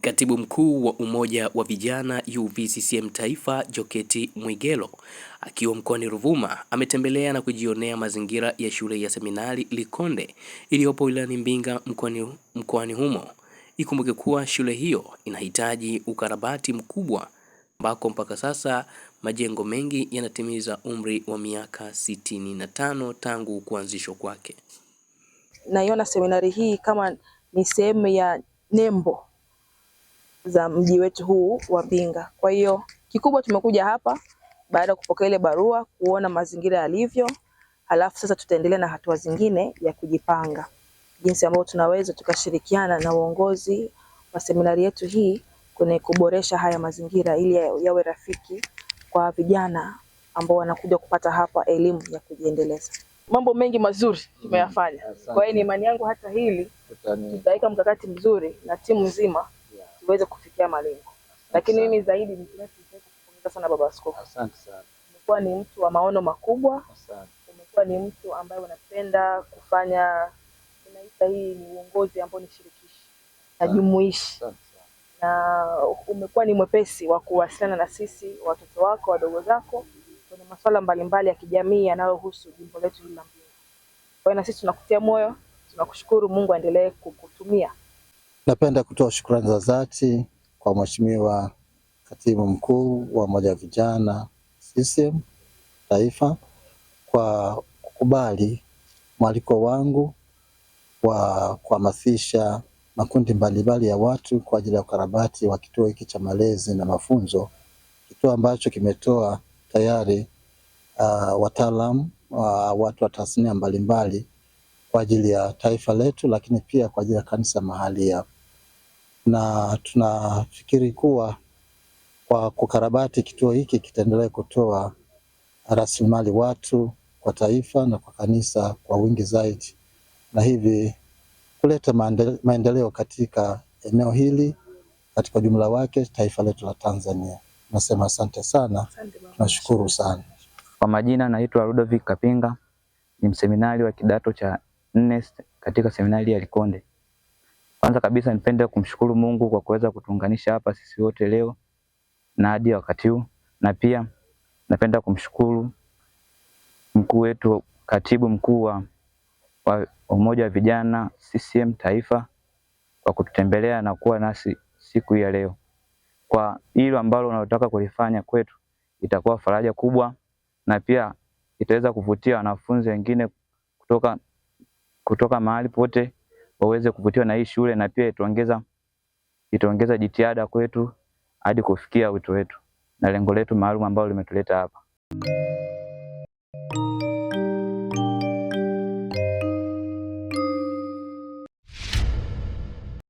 Katibu mkuu wa umoja wa vijana UVCCM Taifa Joketi Mwigelo akiwa mkoani Ruvuma ametembelea na kujionea mazingira ya shule ya seminari Likonde iliyopo wilayani Mbinga mkoani mkoani humo. Ikumbuke kuwa shule hiyo inahitaji ukarabati mkubwa ambako mpaka sasa majengo mengi yanatimiza umri wa miaka sitini na tano tangu kuanzishwa kwake. Naiona seminari hii kama ni sehemu ya nembo za mji wetu huu wa Mbinga. Kwa hiyo kikubwa tumekuja hapa baada ya kupokea ile barua kuona mazingira yalivyo, halafu sasa tutaendelea na hatua zingine ya kujipanga jinsi ambavyo tunaweza tukashirikiana na uongozi wa seminari yetu hii kwenye kuboresha haya mazingira ili yawe rafiki kwa vijana ambao wanakuja kupata hapa elimu ya kujiendeleza. Mambo mengi mazuri tumeyafanya. Mm, kwa hiyo ni imani yangu hata hili tutaweka mkakati mzuri na timu nzima tuweze kufikia malengo. Lakini mimi zaidi nikupongeza sana baba askofu. Asante sana. Umekuwa ni mtu wa maono makubwa. Asante. Umekuwa ni mtu ambaye unapenda kufanya tunaita hii ni uongozi ambao ni shirikishi na jumuishi na umekuwa ni mwepesi wa kuwasiliana na sisi watoto wako wadogo zako kwenye masuala mbalimbali ya kijamii yanayohusu jimbo letu hili la Mbinga. Kwa hiyo na sisi tunakutia moyo, tunakushukuru. Mungu aendelee kukutumia Napenda kutoa shukrani za dhati kwa Mheshimiwa Katibu Mkuu wa Umoja wa Vijana CCM Taifa kwa kukubali mwaliko wangu wa kuhamasisha makundi mbalimbali ya watu kwa ajili ya ukarabati wa kituo hiki cha malezi na mafunzo, kituo ambacho kimetoa tayari uh, wataalamu uh, watu wa tasnia mbalimbali kwa ajili ya taifa letu, lakini pia kwa ajili ya kanisa mahali hapa na tunafikiri kuwa kwa kukarabati kituo hiki kitaendelea kutoa rasilimali watu kwa taifa na kwa kanisa kwa wingi zaidi, na hivi kuleta maendeleo katika eneo hili katika ujumla wake taifa letu la Tanzania. Nasema asante sana, tunashukuru sana. Kwa majina naitwa Ludovick Kapinga, ni mseminari wa kidato cha nne katika seminari ya Likonde. Kwanza kabisa nipende kumshukuru Mungu kwa kuweza kutuunganisha hapa sisi wote leo na hadi wakati huu, na pia napenda kumshukuru mkuu wetu, katibu mkuu wa umoja wa vijana CCM Taifa kwa kututembelea na kuwa nasi siku ya leo. Kwa hilo ambalo unalotaka kulifanya kwetu, itakuwa faraja kubwa na pia itaweza kuvutia wanafunzi wengine kutoka, kutoka mahali pote waweze kuvutiwa na hii shule na pia itaongeza itaongeza jitihada kwetu hadi kufikia wito wetu na lengo letu maalum ambalo limetuleta hapa.